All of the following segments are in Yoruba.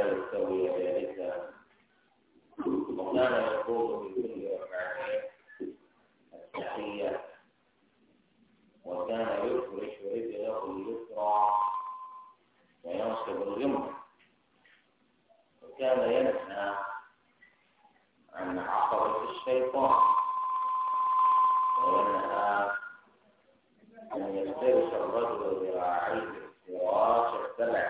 لا يستوي ذلك مولانا يقول بكل ركعتين التحية وكان يفرش رجله اليسرى وينصب اليمنى وكان ينهى عن عقبة الشيطان وينهى أن يفترش الرجل ذراعيه فراش السبع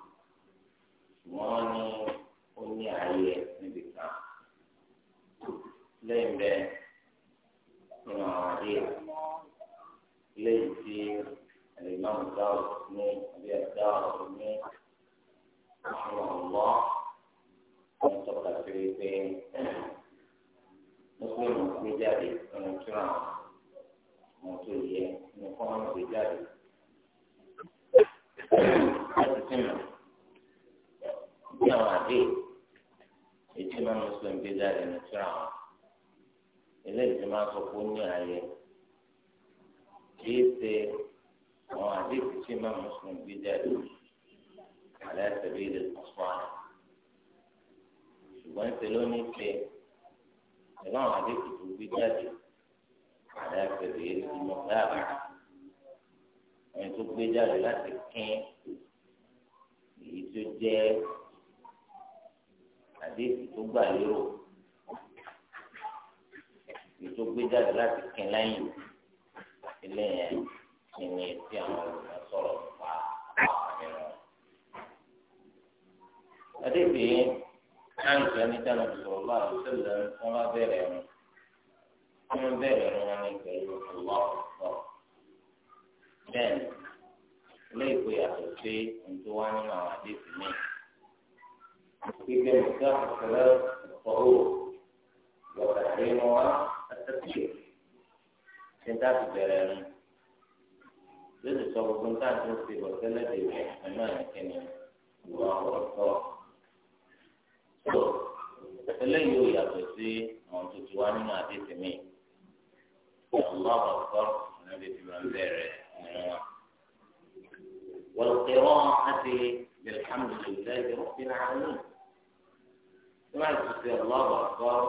الدارقطني أبي الدارقطني رحمه الله منطقة فلبين مسلم بجاري من الشرع موتوية نقوم بجاري أتسمى جوادي إتمام مسلم بجاري من الشرع إليه ما تقولني عليه kìí ṣe àwọn àdéhùn tí máa mùsùlùmí gbé jáde àlẹ́ àtẹ̀lé ilé ọ̀sán ṣùgbọ́n ń ṣe ló ní ṣe pẹ̀lú àwọn àdéhùn tó gbé jáde àlẹ́ àtẹ̀lé ilé ìmọ̀láàbà ẹni gbé jáde láti kín èyí tó jẹ́ àdéhùn tó gbà lérò èyí tó gbé jáde láti kín lẹ́yìn ilé yẹn ìní etí àwọn olùsọ̀rọ̀ pa àwọn àdébì àǹkà ní tànà sọ̀rọ̀ bá àlùsọ̀lẹ̀ wọn bá bẹ̀rẹ̀ wọn wọn bẹ̀rẹ̀ wọn ní pẹ̀lú ọlọ́ọ̀tọ̀ bẹ́ẹ̀ ilé ìpè yàtọ̀ sí ntọ́ wá nínú àwọn àdébì náà gbígbé nìkà ìṣẹ̀lẹ̀ ìfọwọ́ lọ́kàtà nínú wa àtẹ̀kùn ṣe ń dá lórí sọ gbogbo ń tàn tó fi bọ̀ tẹ́lẹ̀ dè wẹ̀ ẹ̀mọ́ ẹ̀kẹ́ni ìwà ọ̀rọ̀ tó tẹ́lẹ̀ yóò yàtọ̀ sí àwọn tó ti wá nínú àdéhùn mi. ìyàwó ọ̀tọ̀ ẹ̀mí ti máa ń bẹ̀rẹ̀ ẹ̀rọ wa. والقراءة tèmi. بالحمد لله رب العالمين ما تسي الله أكبر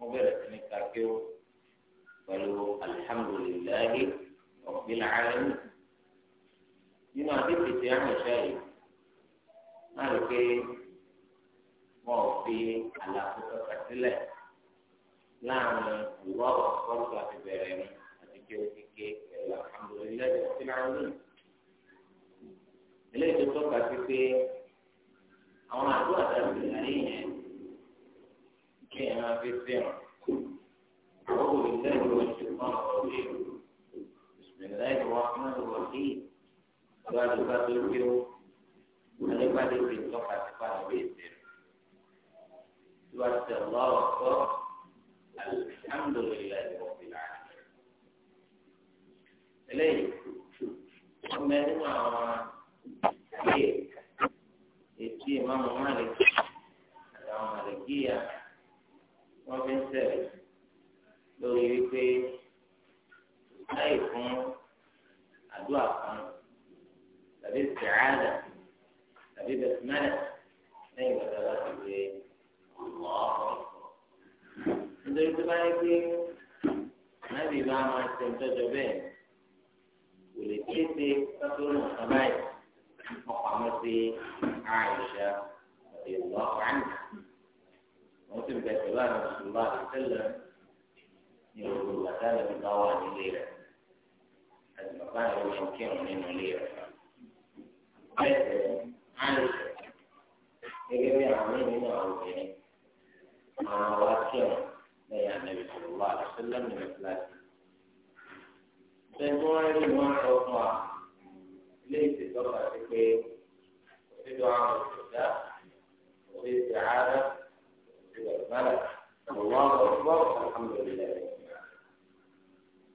مبارك نكاكيو قالوا الحمد لله رب العالمين nínú àdéhùn tí a mọ̀ ṣe yìí má rò pé wọn ò fi àlàfo kọkà sílẹ̀ láàrin ìwọ ọ̀pọ̀lọpọ̀ àti bẹ̀rẹ̀ ni àti kí o ti ké pẹ̀lú alhamdulilayi ti náà ní. eléyìí tó tọ́ka sí pé àwọn àdó àdàbí ayé yẹn kí ẹ̀ máa fi fẹ́ràn. أعوذ بالله من الشيطان الرجيم بسم الله الرحمن الرحيم lọ́wọ́ tó bá tó kí ó alẹ́pàdé ti tọ́ kàtìpá lórí ìdè rẹ̀. Tí wàá tẹ̀ lọ́wọ́ kọ́ alihamudulilayi ọ̀bìnrin àti. Eléyìí, wọ́n bẹ nínú àwọn àyè ètí ìmáàmù Málìkì àtàwọn Málìkìyà wọ́n fi ń sẹ̀rẹ̀ lórí wípé láì fún àdúrà استعاذة أبي بسملة أيوة ثلاثة الله أكبر أنت رأيك ما في ما ما بين به ولكيتي أصول الخبائث مقامتي عائشة رضي الله عنها وسم باعتبار الله صلى الله عليه وسلم يقول لك أنا في طوال الليلة المقام يمكنني أن أليه àlè gẹ́gẹ́ bí àwọn míì nínú àwọn obìnrin àwọn wa kírun lẹ́yìn ànábì sọlọ́wọ́ àdàsílẹ̀ nínú kíláàsì. Ṣẹ́gun wọn rí wọn sọ fún wa ilé ìṣèjọba ti pé òṣèlú àwọn òṣèlú òṣèlú ìṣèhárá òṣèlú ìbálà àwọn ọ̀gbọ́n alhamdulilayi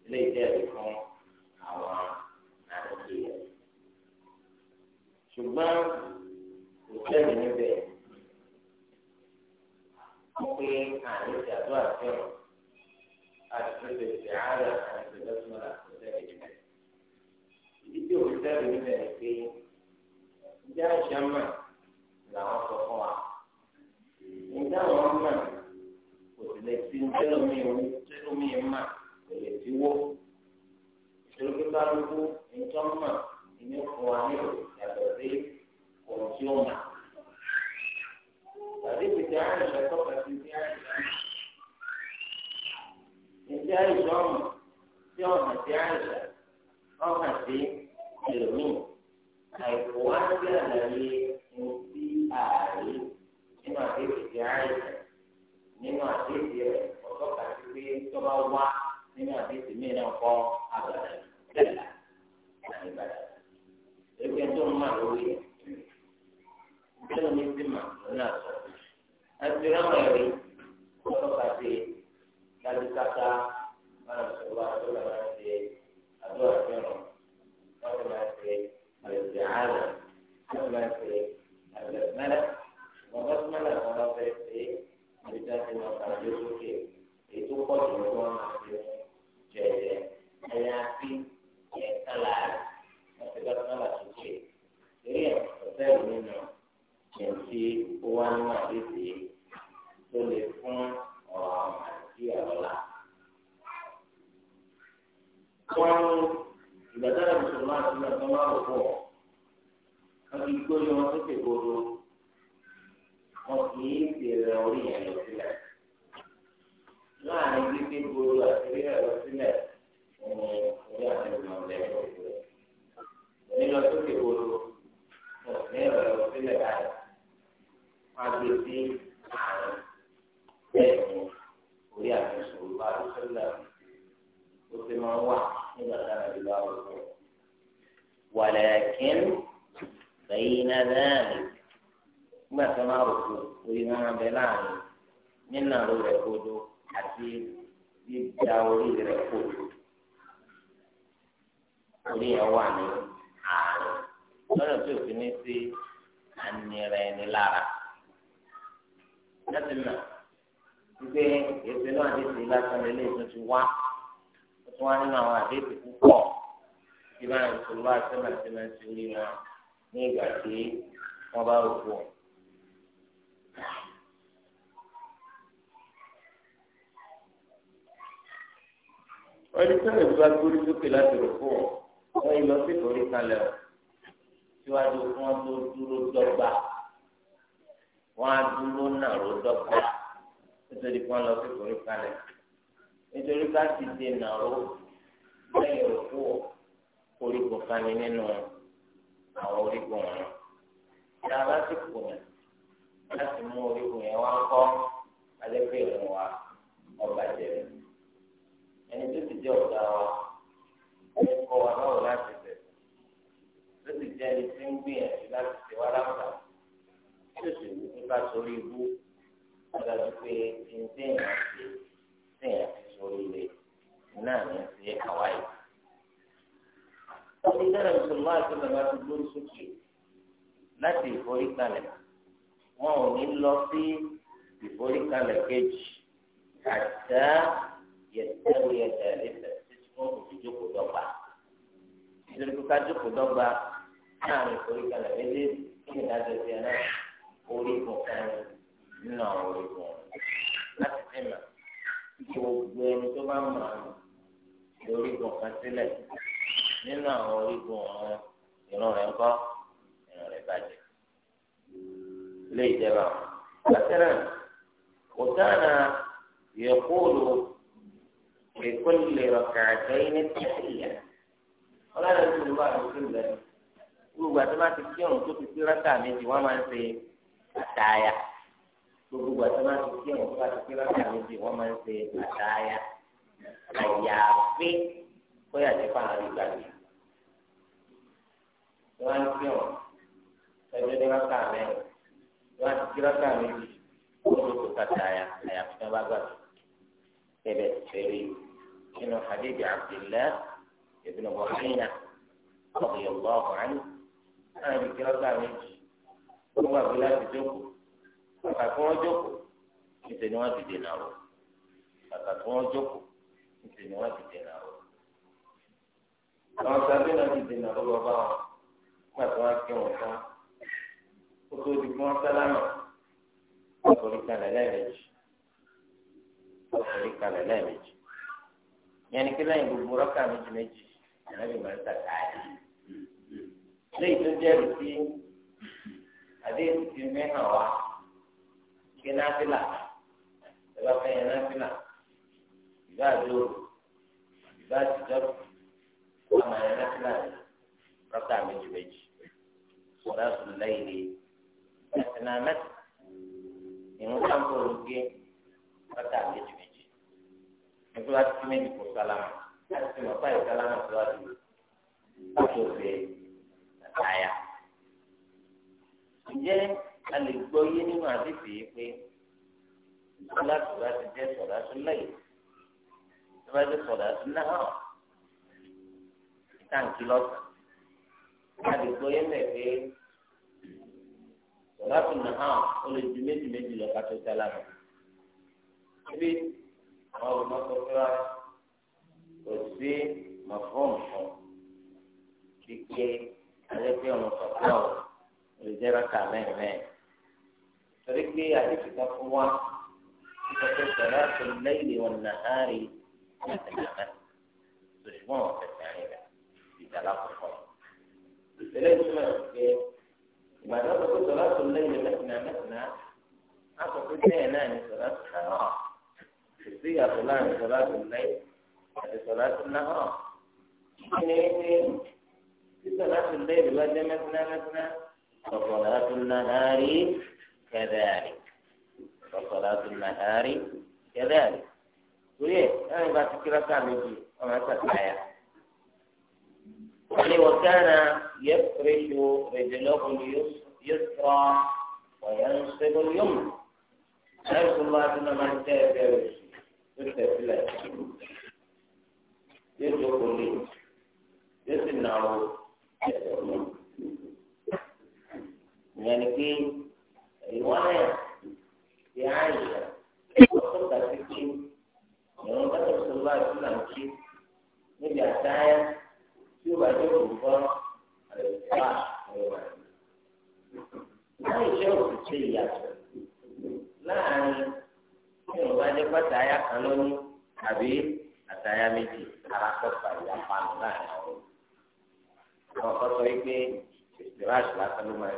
ilé ìjẹ́rìí fún àwọn. ṣùgbọ́n ìfẹ́mi níbẹ̀ pé àní ìdàdó àfẹ́ràn àti pẹ̀lú ìdàrà àti pẹ̀lú ọ̀túnmọ̀lá kò sẹ́mi níbẹ̀. Ìdí tí òun sẹ́mi níbẹ̀ ni pé ìdí àṣà mà làwọn sọ fún wa. Ìdá àwọn mà kò sì lè ti ń tẹ́lómi ìwú tẹ́lómi mà kò lè ti wó. Ìṣòro pípa lóko ìtọ́ mà ìní fún wa nílò sí ọ̀rọ̀ tí ó mà. Tàbí ìpèsè àìsàn tọ́ka sí ti àìsàn. Ìdí àìsàn ọ̀mà tí ọ̀nà ti àìsàn ọ̀hàn sí ẹlòmíì. Àìkú wá sí àlàyé ohun tí ààrẹ nínú àdéhùn ti àìsàn nínú àdéhùn rẹ̀ ọ̀tọ́ka sí pé tó wá nínú àdéhùn mìíràn kọ́ àgbàdo. Bẹ́ẹ̀ ni, àìbàdàn ẹgbẹ́ tó ń mà lórí ẹ̀ bẹ́ẹ̀ ni ti mà ní àtọ̀ àti rámọ̀ ẹ̀rí ọlọ́pàá ti dájú káká máa ń sọ wá tó lọ́wọ́ ṣe àdúrà fẹ́ràn wọ́n máa ṣe àlejò àárọ̀ wọ́n máa ṣe àlejò mẹ́rẹ̀ wọ́n bá tún mẹ́rẹ̀ wọn lọ́wọ́ fẹ́ ṣe àlejò àti wọn kàdé sókè èyí tó pọ̀ jù lọ́wọ́ máa ṣe jẹ̀jẹ̀ ẹ̀yà àti. sẹ́ẹ̀lì nínú ẹ̀ǹtí ó wá nínú àdéhùn tó lè fún ọ̀rọ̀ àti ọ̀la. wọ́n ìgbàdára mùsùlùmá àti nàìjíríà ló pọ̀ wọ́n ti gbó ní wọn sókè gbòòrò wọn kì í bèrè orí yẹn lọ sílẹ̀. láàrin gbígbé gbòòrò àti rírẹ̀ lọ sílẹ̀ ẹ̀yìn orí àti ìgbà ọ̀lẹ́ lọ sílẹ̀. nílọ sókè gbòòrò. ní ìrọ̀lẹ́ òsílẹ̀ báyìí wọ́n á gbé sí àárín bẹ́ẹ̀ ni orí àti sòrò bá lọ sílẹ̀ ó ti máa ń wà nígbà táwọn ìlú bá wọ̀ fún un. ولكن بين ذلك ما تمارس وإمام بلاني nínú àrùn rẹ̀ kodo àti dídá orí rẹ̀ kodo orí yẹn wà ní lọ́nà tí òfin ní sí ànira ẹni lára láti mọ̀ wípé èsì náà ti sì lásán lé lẹ́yìn tó ti wá tó ti wá nínú àwọn àdéhùn púpọ̀ tí bá ń sọ wá sẹ́nà tí wọ́n ti rí wọn ní ìgbà tí wọ́n bá rò pọ̀. wọ́n sọ̀rọ̀ ìgbà gbórí sókè láti rò pọ̀ wọ́n yìí lọ sí ìkórìkalẹ̀ ọ̀ síwájú kí wọ́n tó dúró dọ́gba wọ́n á dúró nàró dọ́gba nítorí kí wọ́n lọ sí ìkórè kalẹ̀ nítorí ká ti dé nàró lẹ́yìn òkú orígun kani nínú àwọn orígun wọn tá a bá ti kù náà láti mú orígun yẹn wá kọ́ alẹ́ pé ìrìn wa ọba jẹ̀rẹ̀ ẹni tó ti jẹ́ ọ̀gá wa. ká sórí ibú ọ̀dájú pé ǹdẹ́yìn àti ǹdẹ́yìn àti sórí ilé náà ní ti àwáyé. Wọ́n ti dára ìṣòro àti bàbá tó lórí sókè láti ìforíkalẹ̀. Wọn ò ní lọ sí ìforíkalẹ̀ kejì àtà yẹtẹ́wé ẹ̀dá ẹ̀dá títí wọ́n kò fi jókòó dọ́gba. Ìṣòro kíkà jókòó dọ́gba láàrin ìforíkalẹ̀ méjèèjì kí ni ìdájọ́ ti ẹ̀ náà. orígun kan nínú àwọn orígun láti dènà kí gbogbo ẹni tó bá mọ̀ àwọn orígun kan sílẹ̀ nínú àwọn orígun ọ̀hún ìran rẹ̀ ń kọ́ ìran rẹ̀ bàjẹ́. ilé ìjẹba bàtẹ́rẹ̀ òtáàna yẹ̀kóòlù ìkólè rọ̀kàtẹ́ ní tẹ̀síyà ọlọ́dún tó ń bá àwọn ìṣẹ̀lẹ̀ gbogbo àti má ti kí ọ̀run tó ti sí rákà méjì wọ́n máa ń ṣe. àtàyà gbogbo àti wọn ti kí ẹ̀wọ̀n fún àti kíláàsì méjì wọ́n máa ń ṣe àtàyà àyàfi bóyá ti fún àwọn ìgbàgbé wọ́n á kí ẹ̀wọ̀n ẹgbẹ́ ní rákà mẹ́rin wọ́n á ti kí rákà méjì wọ́n ló tó kàtàyà àyàfi tí wọ́n bá gbàgbé ẹ̀bẹ̀ fèrè nínú hadith Abdullah ibn Buhayna radiyallahu anhu àyàfi kí rákà méjì wọ́n gbàgbé láti jókòó kàkà kí wọ́n jókòó níṣẹ́ ni wọ́n ti dènà rò kàkà kí wọ́n jókòó níṣẹ́ ni wọ́n ti dènà rò. àwọn sábẹ́ náà ti dènà rò lọ́ba wọn nígbà tí wọ́n kí wọn tán kó tó di kí wọ́n sálámà wọ́n forí kalẹ̀ lẹ́ẹ̀mejì wọ́n kalẹ̀ lẹ́ẹ̀mejì yẹn ni kí lẹ́yìn gbogbo rọ́kà méjì méjì àná àdéhùn ti mẹ́hàn wá kí náfìlà ẹ̀rọ fẹ́yìn náfìlà ìgbà àdúró ìgbà àtijọ́ kó àmà ẹ̀ náfìlà rẹ̀ rọ́tà méjì méjì sọ̀rọ̀ àtúntò lẹ́yìn rẹ̀ ẹ̀sìn náà mẹ́ta ìwọ̀n bá ń bọ̀ lóge rọ́tà méjì méjì ẹ̀fọ́ láti sálámà láti fi mọ̀ fáyọ̀ sálámà tó wá dùn láti ǹjẹ́ a lè gbọ́ yé nínú àdìsí yìí pé sọláàtì bá ti jẹ́ sọ̀dáṣú lẹ́yìn tó bá jẹ́ sọ̀dáṣú náà táǹkì lọ́sàn a lè gbọ́ yé mẹ́ pé sọláàtì náà ó lè ju méjì méjì lọ ká tó sálámà ibi àwọn olùmọ̀sọ̀fẹ́ kò sí mọ̀fọ́ọ̀mù kíkẹ́ alẹ́ pé ọmọ sọ̀tún àwọn lè jẹ́ rákà mẹ́rin mẹ́rin torí pé àdéhùn kan fún wa nípa tó sọ̀rọ̀ àti lẹ́yìn wọn nàárì àtẹnàmẹ́ ṣùgbọ́n ọ̀fẹ́fẹ́ rẹ̀ ìdàlá kọ̀ọ̀kan. ìṣẹ̀lẹ̀ ìṣúná ìṣẹ̀ ìgbàdàn tó tó sọ̀rọ̀ àti lẹ́yìn mẹ́tìnàmẹ́tìnà á sọ pé bẹ́ẹ̀ náà ní sọ̀rọ̀ àti náà kò sí ìyàtọ̀ láàrin sọ̀rọ̀ àti lẹ́yìn àti sọ̀rọ̀ àti náà. ìṣẹ̀lẹ̀ ìṣẹ̀ وصلاة النهار كذلك وصلاة النهار كذلك وليه أنا بفكر كامل وما تتعيا يعني وكان يفرش رجله اليسرى وينصب اليمنى أرسل الله أن من ما تتعيا يرجو كل يسنعه ìyẹn ni pé ìwọ náà ti àyè ó tó ga sí kí ìwọ̀n bá tó tó bá tó là ń kí níbi àtàyà tí ó bá tó kù fọ́ àlùfáà ẹ̀wà. láì ṣe òkú ìyàtọ̀ láàrin tí ìwọ̀n bá dé pàtàyà kan lónìí àbí àtàyà méjì ara kọ́ta ìyàpá nù láàrin àwọn. àwọn kan sọ wípé ìṣèlú àṣìlá ló máa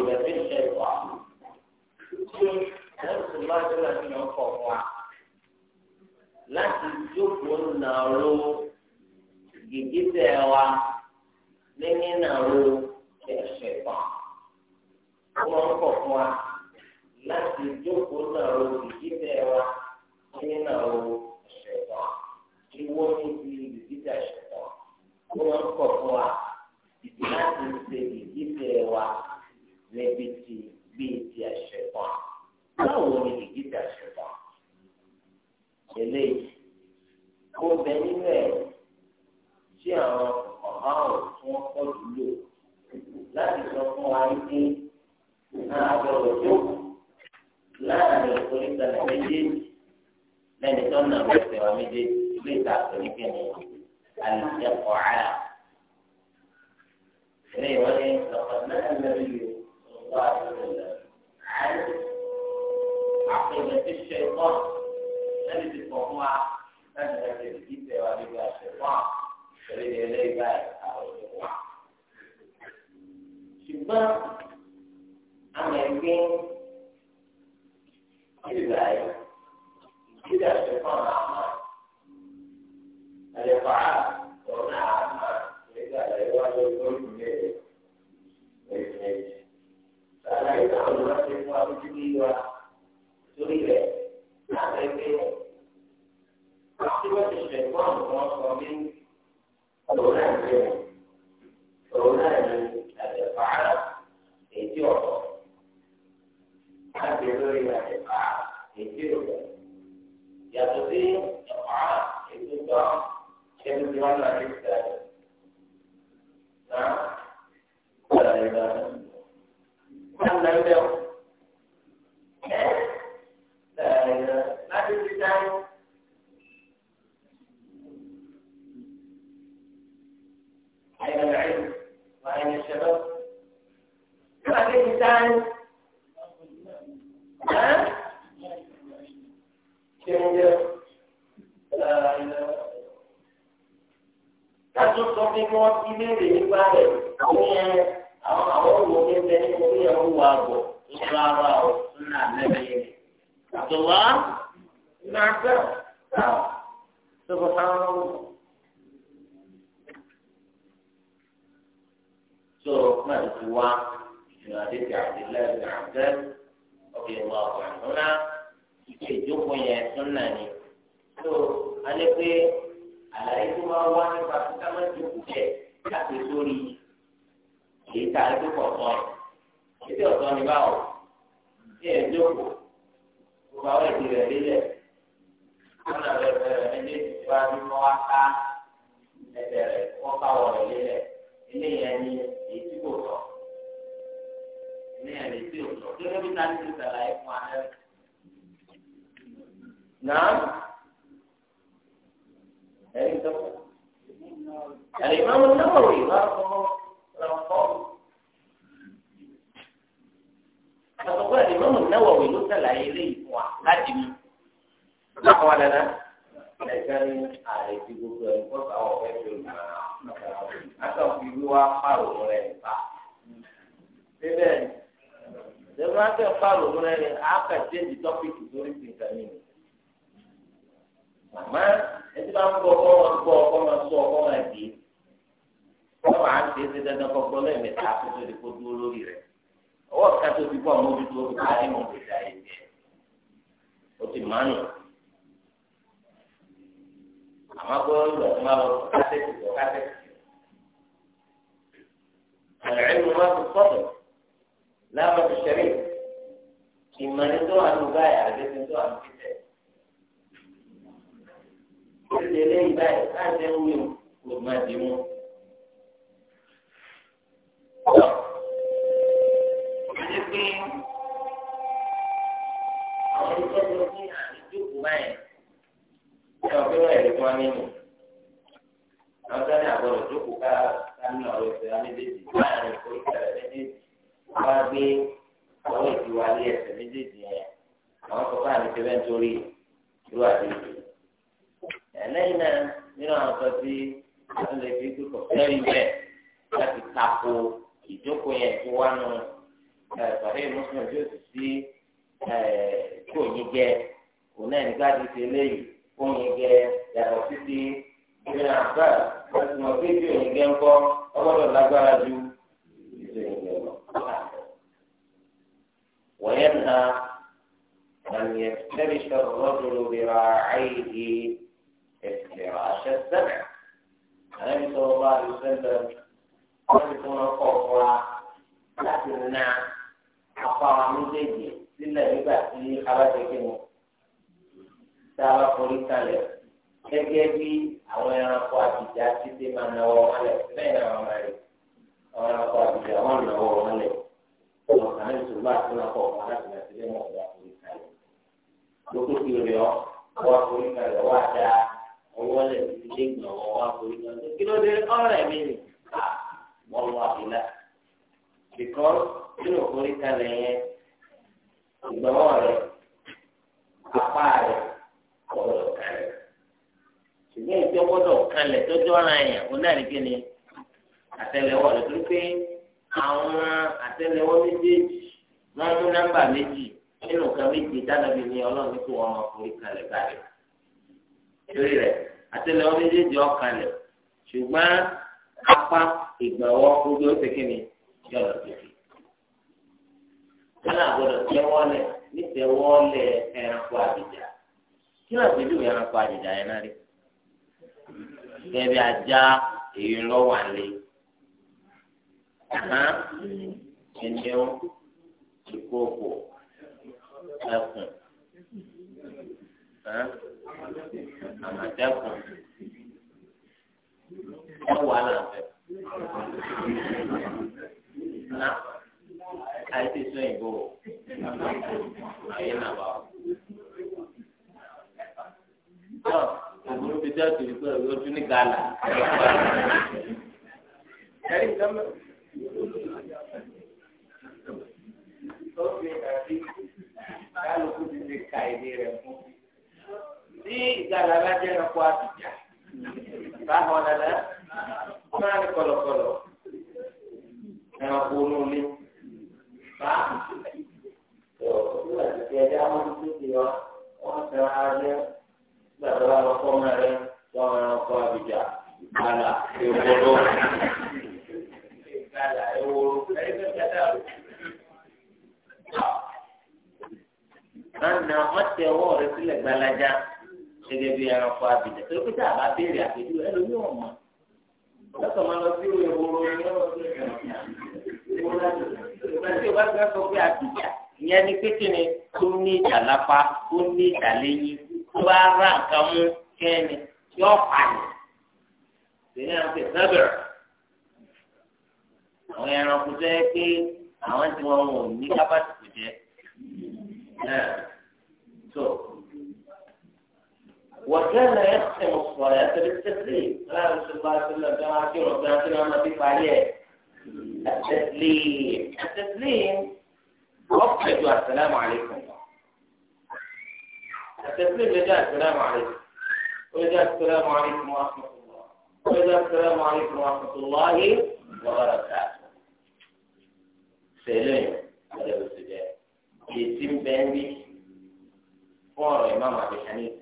àkèlè fi ń ṣe ìwà tí wọ́n sì máa ń tẹ́lẹ̀ fi hàn kọ̀ wá láti jókòó nàró gègésẹ̀ wa níní nàró ẹ̀ṣẹ̀ pa. Wọ́n ń kọ̀ fún wa láti jókòó nàró gègésẹ̀ wa níní nàró ẹ̀ṣẹ̀ pa. Iwọ́ ní ti gègésẹ̀ ẹ̀ṣẹ̀ pa. Wọ́n ń kọ̀ fún wa láti ṣe gègésẹ̀ wa níbi tí bíi ti àṣẹ kan báwo ni ìdíje àṣẹ kan eléyìí kó bẹ nílẹ̀ tí àwọn ọ̀hánù tí wọ́n kọ́ jù lò láti sọ fún wa ní àgbọ̀rọ̀ tó láàrin onígbàlẹ̀ méjèèjì lẹ́ni tó nà mẹ́sẹ̀ wa méjèèjì ilé ìtàkùn ní kíni àlùjẹ kọ̀ọ̀á. eléyìí wọ́n ní náà lẹ́nu yìí. عن عقيدة الشيطان الذي تقومها أنها تجد وبها الشيطان تريد إليه أو الشيطان شبان أما يمكن إذا إذا الشيطان أعمال الإطاعات ومنع أعمال إذا لا يواجه àlàyé táwọn ọmọ ti fún abúlé bí wa lórí rẹ̀ láti ẹgbẹ́ àti wọ́n ti ṣẹ̀ fún àwọn ọmọ ọmọ mi ọ̀rọ̀ náà ní ọ̀rọ̀ náà ní àjẹfà èdè ọ̀rọ̀ láti lórí àjẹfà èdè ọ̀rọ̀ yàtọ̀ sí ẹ̀fà èdè ọ̀rọ̀ ẹni tí wọ́n náà ti sẹ́yìn náà. Thank you wọn lọ bẹ ọ ẹ ẹ láti fi dáná. أين إنسان ها؟ Kájú sọ pé kí wọ́n ti léèrè nípa rẹ̀ ní ẹ̀ àwọn àwọn òwò ní bẹ ní orí ẹ̀rọ wà bọ̀ lọ́wọ́ ara ọ̀ nínú àlẹ́bí yẹn. Àtọ̀wá nínú àgbẹ̀ náà tó kọ sáwọn ọ̀rọ̀. Tó máa ti wá ìrìn àdéhùn àdéhùn àdéhùn àgbẹ̀ ọ̀bí ìwà ọ̀gbà ńlá ìṣe ìjókòó yẹn tó nà ní. Tó alẹ́ pé àlàyé tó máa wá nípa tó ká má ti kú jẹ láti sórí yìí èyí tá a tó kọ̀ sọ ẹ̀ ni báwò tí ẹ̀ jókòó kó bá wẹ̀ tirẹ̀ lélẹ̀ wọn náà lọ bẹ̀rẹ̀ méjì wá bí wọ́n wá ká ẹsẹ̀ rẹ̀ wọ́n ká wọ̀ rẹ̀ lélẹ̀ ilé yẹn ni èyí tí kò sọ ilé yẹn ni tí ò sọ kí ló bí táyé ti sàlàyé fún wa náà. Nàá ẹ̀yin tó máa ń náwó ìwà fún ọ. àtọ̀kọ́ ẹ̀ Imam Nawawi ló sàlàyé léyìí fún wa láti mú. Báwo wà dáná? Ẹ̀ka ní ààrẹ ti gbogbo ẹ̀ kọ́ta ọ̀fẹ́ tó ń bá àtọ̀ fi wíwá pàrọ̀ rẹ̀ nípa. Bíbẹ̀ ìjọba ń tẹ̀ pàrọ̀ rẹ̀ ni àákàtẹ́ di tọ́pìkì lórí ìgbàmí. Màmá ẹtí bá ń gbọ́ ọkọ máa gbọ́ ọkọ máa sọ ọkọ máa dì í. Wọ́n máa ń ṣe é ṣe dandan kọ́kọ́ ọwọ́ kan tó fi kọ́ mójútó ààrẹ mọ̀ gbèsè ayé tiẹ̀ ó ti máa nù. àmọ́ kó lọ sí máa lọ kásẹ̀tì lọ kásẹ̀tì. àlẹ́ mi máa fi sọ́dọ̀ láàmú ti ṣẹ̀rí ìmọ̀lẹ́ tó wà ní báyà àgbẹ̀sẹ̀ tó wà ní títẹ̀. ó ti lè lé ìgbà yẹn láti ẹ̀ ń wí o kò má di wọn. tako ìjókòó yẹn tó wá nù sàfẹ́ muslim tó sì sí tó yín jẹ kò náà nígbà tó ti léyìí kó yín jẹ yàtọ̀ títí ìrìn àgbà wọ́n mọ̀ pé tó yín jẹ ń kọ́ ọgbọ́dọ̀ lágbára ju ìtò yín jẹ lọ. وينهى أن يفترش الرجل براعيه افتراش السبع النبي صلى الله عليه وسلم ọdún tí wọ́n kọ̀ fún wa láti na àpáwa méjèèjì sílẹ̀ nígbà tí abájẹ́kẹ́ wọn tá a bá forí kalẹ̀ gẹ́gẹ́ bí àwọn ẹranko àbìjà ti ṣe máa náwó wọn lẹ̀ bẹ́ẹ̀ ni àwọn ọmọ rẹ̀ àwọn ẹranko àbìjà wọn náwó wọn lẹ̀ ọ̀nà kan ní ìṣòro àti ọ̀nà kọ̀ fún aláàbò àti ilé wọn wà forí kalẹ̀ lókè tí o rẹ̀ ọ́ wà forí kalẹ̀ wà dáa ọwọ́ lẹ̀ ti ṣe gbọ̀n wọ́n wà forí kalẹ̀ kí ló dé ọ̀rẹ́ mi nì wọ́n wá ìlà bìkọ́ nínú òkúri kalẹ̀ yẹn ìgbọ́wọ́ rẹ̀ apá rẹ̀ ọ̀rọ̀ kalẹ̀ ṣùgbọ́n ìjọ gbọ́dọ̀ kalẹ̀ tọ́jú ara yẹn onáàrígbé ni àtẹ́lẹwọ́ rẹ̀ tó pé àwọn àtẹ́lẹwọ́ méjèèjì wọ́n mú nọ́mbà méjì nínú nǹkan méjì dánábi ni ọlọ́run ní kí wọ́n máa forí kalẹ̀ báyìí. torí rẹ̀ àtẹ́lẹwọ́ méjèèjì ọ̀kalẹ̀ ṣùgbọ́n apá ìgbàwọ́ ojú ó ti kíni yọ̀lọ̀ tètè. Kánà gbọ́dọ̀ tẹ́wọ́lẹ̀ nítẹ̀wọ́lẹ̀ ẹranko àdìjà. Kí náà ti dùn ẹranko àdìjà yẹn náà rí? Gẹ́gẹ́ bí ajá èyí lọ́wọ́ àlè. Ẹ̀nìyàn ìkókò ẹkùn àmọ̀tẹ́kùn ẹ wà láǹfẹ. na àìsí sọ ìbò ayé náà wà. tó ògùn bíi tí a tòlí pé ọ̀rọ̀ ojú ní gàlà. ẹ̀rí ìdámẹ́. tó fi àbí kálukú ti ti ka ìdí rẹ̀ fún. ní ìgbàlá bá ọmọ yẹn ní kọ̀lọ̀kọ̀lọ̀ ẹranko inú ilé bá tó ìwà ìdíje ẹja wọn ti tètè wa wọn tẹ ara jẹ gbàdúrà wọn lọ fọmọ rẹ wọn ẹranko abidjan gbàlà ewúro gbàlà ewúro ẹyẹ fẹẹ fẹẹ dà o. Nana ọtí ọwọ́ rẹ sílẹ̀ gbalaja gẹ́gẹ́ bí ẹranko abidjan. Torí pé tí a bá béèrè àpèjúwe ẹlòmíràn mọ̀ lọ́sọ̀ máa lọ sí ìwé ìwòrò ìgbà tí o bá fẹ́ sọ pé àtijọ́ ìyẹn ni pé kíni tó ní ìjà lápá tó ní ìjà lẹ́yìn tó bá rà nǹkan mú kẹ́ni yọ pààyàn ìdílé àwọn ti sábẹ̀rẹ̀ àwọn ẹranko tó yẹ pé àwọn tí wọn ò ní kábàtì kò jẹ náà tó. وكان يختم الصلاة بالتسليم قال صلى الله عليه وسلم جماعة ربنا سلم ما في عليه التسليم التسليم وقفت السلام عليكم التسليم لجاء السلام عليكم وجاء السلام عليكم ورحمة الله وجاء السلام عليكم ورحمة الله وبركاته سلام هذا بالسجاد يتم بيني فور إمام أبي حنيفة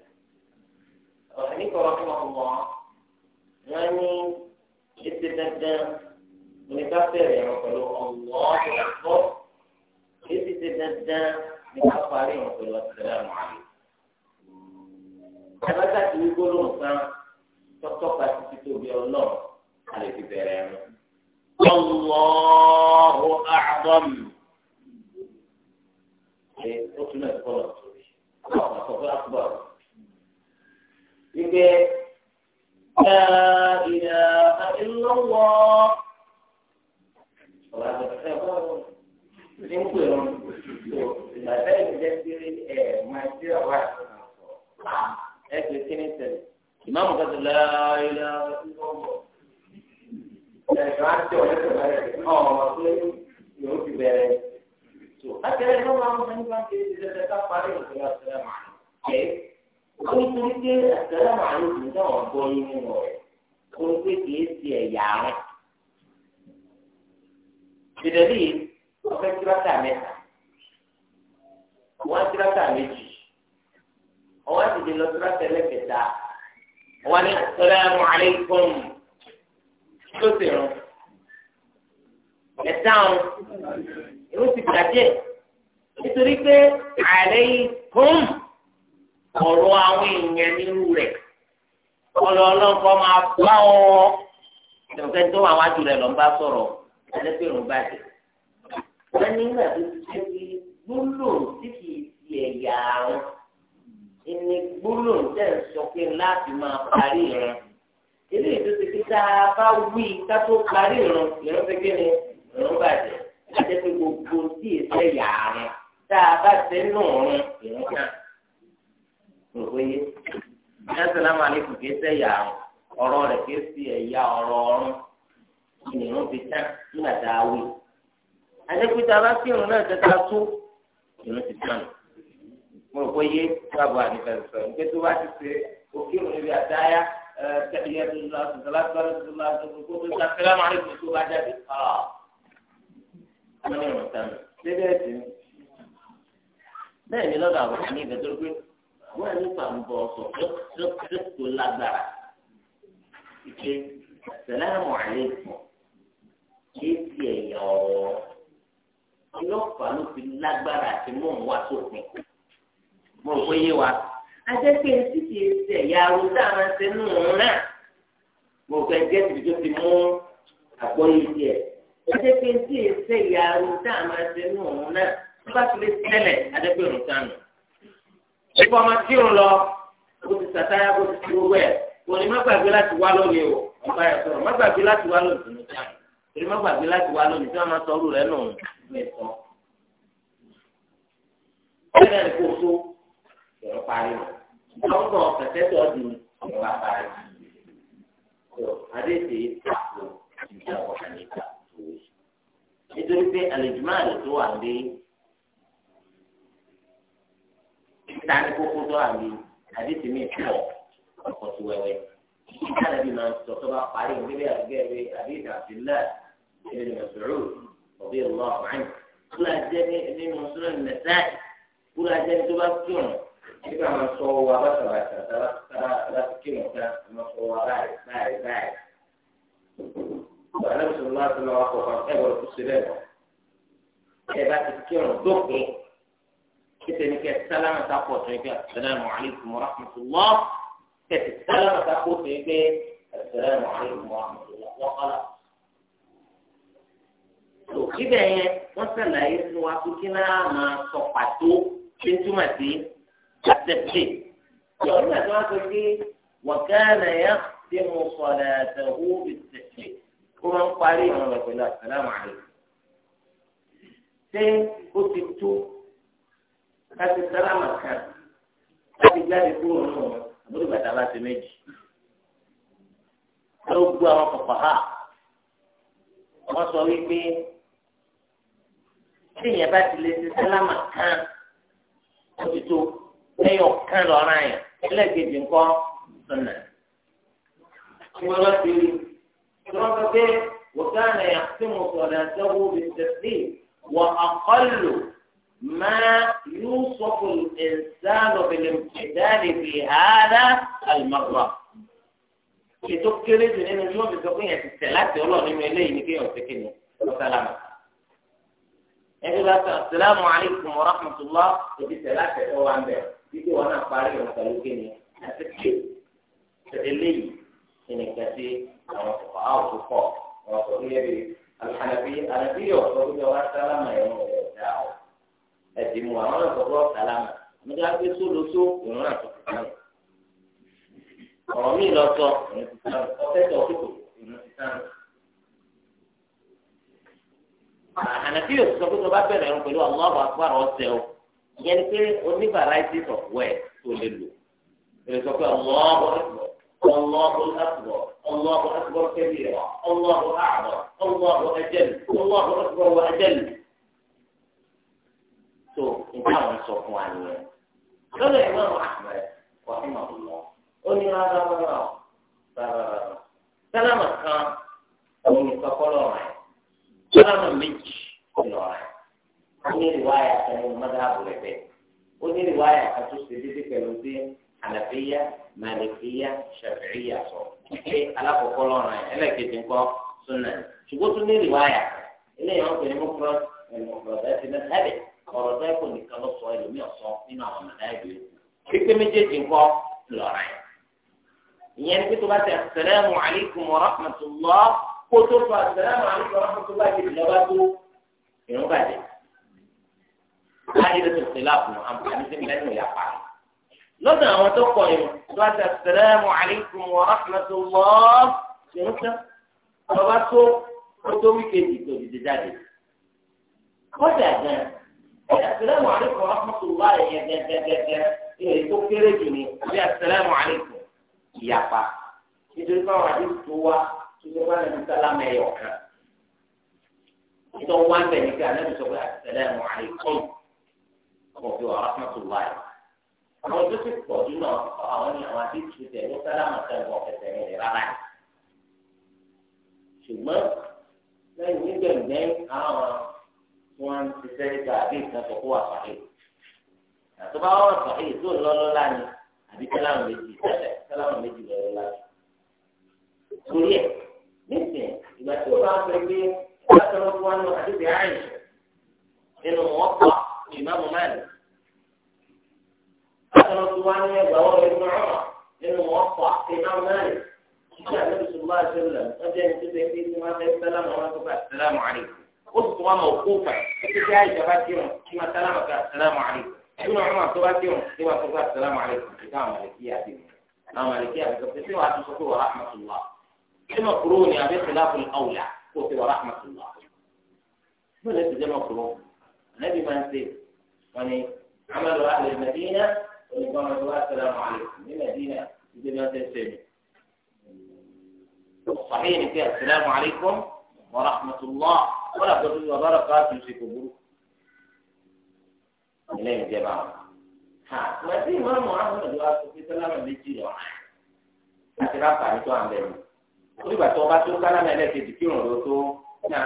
nítorí pé àtẹ̀lẹ́ màálù kì í dáwọ̀ gbọ́ yín nínú rẹ̀ kó pé kì í ti ẹ̀yà rẹ̀. ìdẹ̀lẹ́ yìí tíráta mẹ́ta wọ́n tíráta méjì wọ́n ti lọ tíráta ẹlẹ́kẹta wọ́n ní assalamu alaikum tó sì rún ẹ̀ta ọ̀hún ìwé ti gbàjẹ́ nítorí pé alaikum ọ̀rọ̀ àwọn èèyàn nínú rẹ̀ ọ̀rọ̀ ọlọ́kọ́ máa bá ọ ìdọ̀kẹ́ tó wà wájú rẹ̀ lọ́n bá sọ̀rọ̀ ẹlẹ́pẹ̀rún bàjẹ́ wọ́n nígbà tó ti ṣe fi gbólò tí kì í ti ẹ̀yà àrùn ìní gbólò tẹ̀ ń sọ pé láti máa parí rẹ̀ ilé ìtòsí kí tá a bá wí ká tó parí ìrún ìrún fi kí ni ìrún bàjẹ́ àti pé gbogbo tí ìṣẹ̀yà àrùn tá a bá ṣe nù ọ̀run ìrún náà òye ẹsẹlámù àlekù kìí sẹyà ọ̀rọ̀ rẹ̀ kìí sí ẹ̀yà ọ̀rọ̀ ọrùn ìnìrún ti tán nígbà tá a wí adékúta bá sí ìrún náà tẹta tó ìrún ti tán mo rò pé yé báwo àdìfẹsọ nígbà tó bá ti ṣe òkè òun níbi àdáyà tẹlifíyà tó lọ sọsọ láti lọ sọsọ láti lọ kó tó sá sẹlámù àlekù tó bá jáde ọ ní ìrún tán bẹ́ẹ̀ ni lọ́dọ̀ àbùkù ní ìgbẹ́ àwọn ẹni fà ń bọ̀ ọ̀sọ̀ lọ́kùtù lágbára ike sẹlẹ̀mù àlékún kí ti ẹ̀yàn ọ̀rọ̀ ọlọ́pàá ló fi lágbára àti mọ̀ ń wá sópin mo rò pé yé wa ajẹ́pẹ́ tí kì í ṣe ẹ̀yà arúgbó àwọn ẹsẹ̀ nù ún náà mo rò pé tìbí tó ti mú àpọ́yé tiẹ̀ ajẹ́pẹ́ tí kì í ṣe ẹ̀yà arúgbó àwọn ẹsẹ̀ nù tó bá ti lè tẹ́lẹ̀ ajẹ́pẹ́ òrùn sánù ìfọ̀ ọmọ tí ò ń lọ kó ti sàtáyà kó ti ti gbogbo ẹ̀ kò ní má gbàgbé láti wá lónìí o ọba ẹ̀ sọ̀rọ̀ má gbàgbé láti wá lónìí tó dáa torí má gbàgbé láti wá lónìí tí wọ́n máa sọ̀rọ̀ rẹ̀ nù lè sọ. ọ̀rẹ́ kò tó ìrọ̀ parí o lọ́gbọ̀n kẹ̀kẹ́ tó di ìrọ̀ parí o adéṣe ìtàkùn ìjà ọ̀hánìkà nítorí pé àlejò máa lè tó wà ní títa ní kókó tó àmì àdìsí mi pọ̀ ọ̀pọ̀ tó wẹ̀wẹ̀. Ìjà nàbí máa ń sọ tó bá parí ìdílé àgbẹ̀rẹ̀ àdìsí àbílẹ̀ ìdílé mẹ̀sùrù ọ̀bí ìlú ọ̀hún. Kúrò ajẹ́ nínú sọ́rọ̀ mẹ́sáì. Kúrò ajẹ́ ní tó bá kírun. Nígbà máa sọ owó abáṣàbàṣà tábà kírun ká máa sọ owó abáyé báyé báyé. Àlẹ́ mùsùlùmí láti lọ wá kọ̀ọ̀kan ẹ̀wọ̀n kùsùlẹ̀ lọ. Ẹ bá ti kírun dópin. كتني كسلام تقوى تنك السلام عليكم ورحمة الله كسلام تقوى تنك السلام عليكم ورحمة الله وقال ibẹ̀ yẹn wọ́n sàlàyé fún wa pé kí náà máa sọ pàtó tí ń túmọ̀ sí àtẹ̀pé. ìyọ̀nù àti wọn sọ pé wọ̀kánà yá ti mú sọ̀rọ̀ àtẹ̀wó ìtẹ̀pé ó máa ń parí ìrànlọ́ pẹ̀lú àsàlámù àlè. ṣé ó ti tó káfí sálámà kan láti jáde kúrò nù àbúrò bàtà bá ti méjì ló gbó àwọn kọkọ ha wọn sọ wípé tíyẹn bá ti lè ṣe sálámà kan ó ti tó lẹ́yìn ọ̀kan lọ́ra yẹn ẹlẹ́gẹ̀dẹ̀ ńkọ́ sọ̀nà. ìwọ́n lọ sí i ìwọ́n sọ pé wọ́n kàn lè yàtí mo sọ̀rọ̀ àtẹ́wọ́ bíi tẹ̀sí wọ́n àkọ́lù. ما يوصف الإنسان بالامتثال في هذا المرة ètò kéré jù nínú yóò fi sọ pé yẹn ti tẹ̀ láti ọlọ́run nínú eléyìí ni kéèyàn ti kéèyàn lọ sálámà ẹni bá sọ asalaamu alaykum wa rahmatulah ètò tẹ̀ láti ẹ̀kọ́ wa ń bẹ̀ títí wọn náà parí ọ̀rọ̀ pẹ̀lú kéèyàn àti pé eléyìí ẹnìkan tí àwọn ọ̀hún tó pọ̀ wọn sọ fún yẹn bí alhànàbí alhànàbí yóò sọ fún yẹn wá sálámà yẹn wọn ẹ̀sìn mu àwọn náà sọ̀rọ̀ sàlámù nígbà wọ́n gbé sólóso òun náà sọ̀rọ̀ sàlámù ọ̀rọ̀ mi lọ sọ òun ti sàlámù ọ̀fẹ́sọ̀ òkòkò òun ti sàlámù. ànàfi yóò sọ pé tó bá bẹ̀rẹ̀ ẹ̀rùn pẹ̀lú aláwọ̀ akpọ̀rọ̀ ọ̀sẹ̀ o ìyẹn ni pé oníbàráìtì sọ̀fúwẹ̀ tó lè lò èrè sọ pé aláwọ̀ ẹ̀kọ́ الله أكبر الله أكبر كبيرا الله أعظم الله أجل الله أكبر وأجل táwọn sọ fún wa nìyẹn lọ́dọ̀ ìwé àwọn àmọ́ wàhálà mọ̀ ó ní rárá rárá o rárá rárá sálámà kan òun ní kọ́kọ́lọ́ rẹ̀ sálámà méjì lọ rẹ̀ ó ní ìwáyà kan ní mọ́tàbù rẹ̀ bẹ́ẹ̀ ó ní ìwáyà kan tó ṣe déédéé pẹ̀lú sí àlàfíà màlìkíyà ṣàfíìyà sọ pé alákọ̀ọ́kọ́lọ́ rẹ̀ ẹlẹ́kẹ̀dẹ̀ ńkọ́ súnà ṣùgbọ́n tó ní ìwáyà eléyìí wọn pè ní mọ́kúrọ́ ẹ̀ mọ́kúrọ́ bẹ́ẹ̀ ti náà ọ̀rọ̀ sẹ́kù nìkan ló sọ ẹlòmíì ọ̀sọ́ nínú àwọn mọ̀láyìí yòókù pípé méjèèjì ńkọ́ lọ́ra ẹ̀ ìyẹn ní pé tó bá tẹ assalamu alaykum wa rahmatullah kó tó fa assalamu alaykum wa rahmatullah kejì lọ́ba tó ìrún bàjẹ́ láyé ló ti sè láàbù àǹfààní sí mi lẹ́nu ìyapa lọ́dọ̀ àwọn tó kọ ìrún bá tẹ assalamu alaykum wa rahmatullah السلام عليكم ورحمة الله يا يا يا يا يا إيه تو كيري جوني السلام عليكم يا با nítorí pé àwọn àdéhùn tó wá tó ṣe wọn lẹnu sálámà ẹyọ kan nítorí wọn bẹ nípa àlẹ́ sọ pé àtẹlẹmù àìkọ́yì ọmọ fi wà rákàtú wáyé àwọn tó ti pọ̀ jù náà àwọn ní àwọn àdéhùn tó tẹ̀ ní sálámà tẹ̀ wọ́n fẹsẹ̀ rẹ̀ rárá ṣùgbọ́n lẹ́yìn nígbẹ̀gbẹ́ àwọn wọn ń ṣiṣẹ́ nípa àbí ìtàn tó kó wà sàhíì àti bá wà sàhíì tó lọ́lọ́ láni àbí sálámù méjì tẹ́lẹ̀ sálámù méjì lọ́lọ́ láni. torí ẹ̀ nísìnyí ìgbà tí ó bá ń pè pé láti lọ́ fún wa nínú àdébí àìsàn nínú wọn pa ìmáàmù máàlì láti lọ́ fún wa nínú ẹgbàá wọn lè fún ọ̀rọ̀ nínú wọn pa ìmáàmù máàlì ìṣe àdébí sọ̀rọ̀ bá a ṣe lọ wọ́n jẹ́ ní أسوة موقوفة في عائشة فاتهم كما سلامك السلام عليكم ابن عمر فاتهم كما سلامك السلام عليكم كتاب مالكية كتاب مالكية بتفصيل وعلى ورحمة الله كما قروني أبي خلاف الأولى قلت ورحمة الله ما ليس جمع قرون النبي ما نسيت يعني عمل أهل المدينة وإقامة السلام عليكم المدينة بما تسمي الصحيح فيها السلام عليكم ورحمة الله wọn àpò tó bàbá rẹ káà tún ṣe kò burú ẹlẹ́yìn ìjẹba wọn. màtí ìmọ̀ràn ahmed wa sọ pé sálámà méjì lọ àti ráfà ní tó à ń bẹ̀rù onígbà tó bá tó sálámà ẹlẹ́kejì kí òun ló tó ná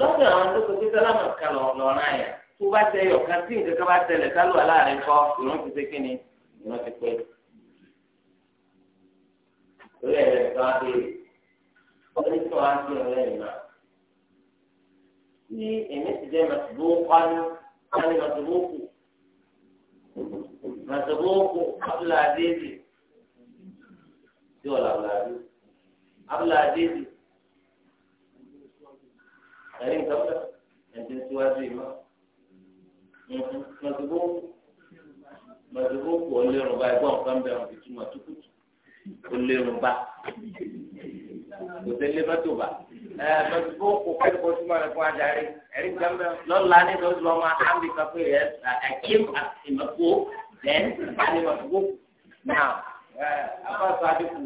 lọ́dọ̀ àwọn tó sọ pé sálámà kan lọ́ọ́ náà yà tó bá tẹ ọ̀kan tí nǹkan kan bá tẹlẹ̀ sálù aláàárín kọ́ ìrún ti ṣe kí ni ìrún ti pé. Ó ní sọ wá tí èmi ti jẹ́ màtìbókánú kánú màtìbókù màtìbókù abúlàdéèdè tí ọ̀là abúlàdé abúlàdéèdè ẹ̀rí nǹkan fẹ́ ẹ̀jẹ̀ síwájú ìmọ̀ màtìbókù màtìbókù ọlẹ́rùn bá ẹgbọ́n kan bẹ̀rù ìtumọ̀ tukutu ọlẹ́rùn bá kò tẹ́lẹ̀ bá tó mẹsibúùkù kẹ́kọ̀ọ́ túmọ̀ rẹ̀ fún adarí ẹ̀rí gbẹ́mbẹ́ lọ́la ní ló lọ́ máa ámì kápẹ́ rẹ̀ àkìm àtìmọ́kù dẹ́n àti mẹsibúùkù náà afáàsọ adékù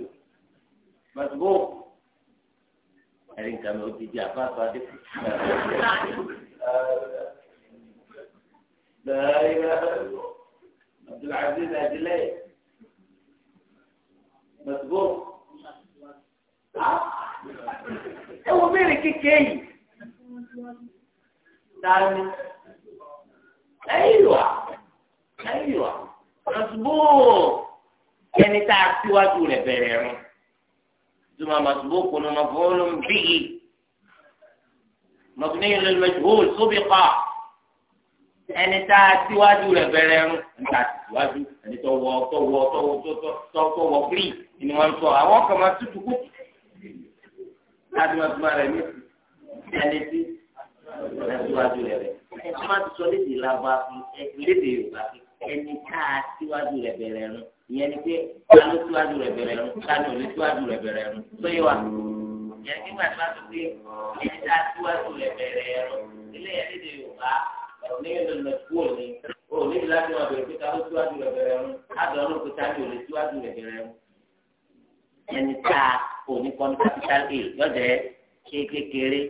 mẹsibúùkù ẹ̀rí gbẹ́mbẹ́ ó ti di Aziz adékù. Abdulaziz Adilẹ mẹsibúùkù ẹ wo béèrè kékeré yìí dání ẹ̀yìn wà ẹ̀yìn wà màsùbò ẹni tá a tiwájú rẹ̀ bẹ̀rẹ̀ rún zuma màsùbò kùnú màfọlù bíi màbùnú yìí lọ́lọ́ mẹ́jọ́ sóbì pa ẹni tá a tiwájú rẹ̀ bẹ̀rẹ̀ rún ẹni tá a tiwájú ẹni tó wọ tó wọ tó wọ tó tó tó wọ fúlì ni wọ́n sọ àwọn kan máa tutù kùtù láti máa tún ara ẹni sí ẹni sí ẹsíwájú rẹ rẹ ẹni ti sọ léde lába léde yorùbá ẹni tá a rẹ bẹ̀rẹ̀ rún ìyẹn ni pé ta ló síwájú rẹ bẹ̀rẹ̀ rún ta ni ò lè síwájú rẹ bẹ̀rẹ̀ rún tó yẹ wà ìyẹn nígbà tí wọn ti pé ẹni tá a síwájú rẹ bẹ̀rẹ̀ rún ilé yẹn léde yorùbá ní ìlànà kúrò ní òní láti wọn bẹ̀rẹ̀ pé ta ló síwájú rẹ bẹ̀rẹ̀ rún á dọ̀ ọ́ lóko ta ni ò rẹ bẹ̀rẹ̀ rún ẹni tá a kò ní kọ́ ní capital a yọjẹ kékeré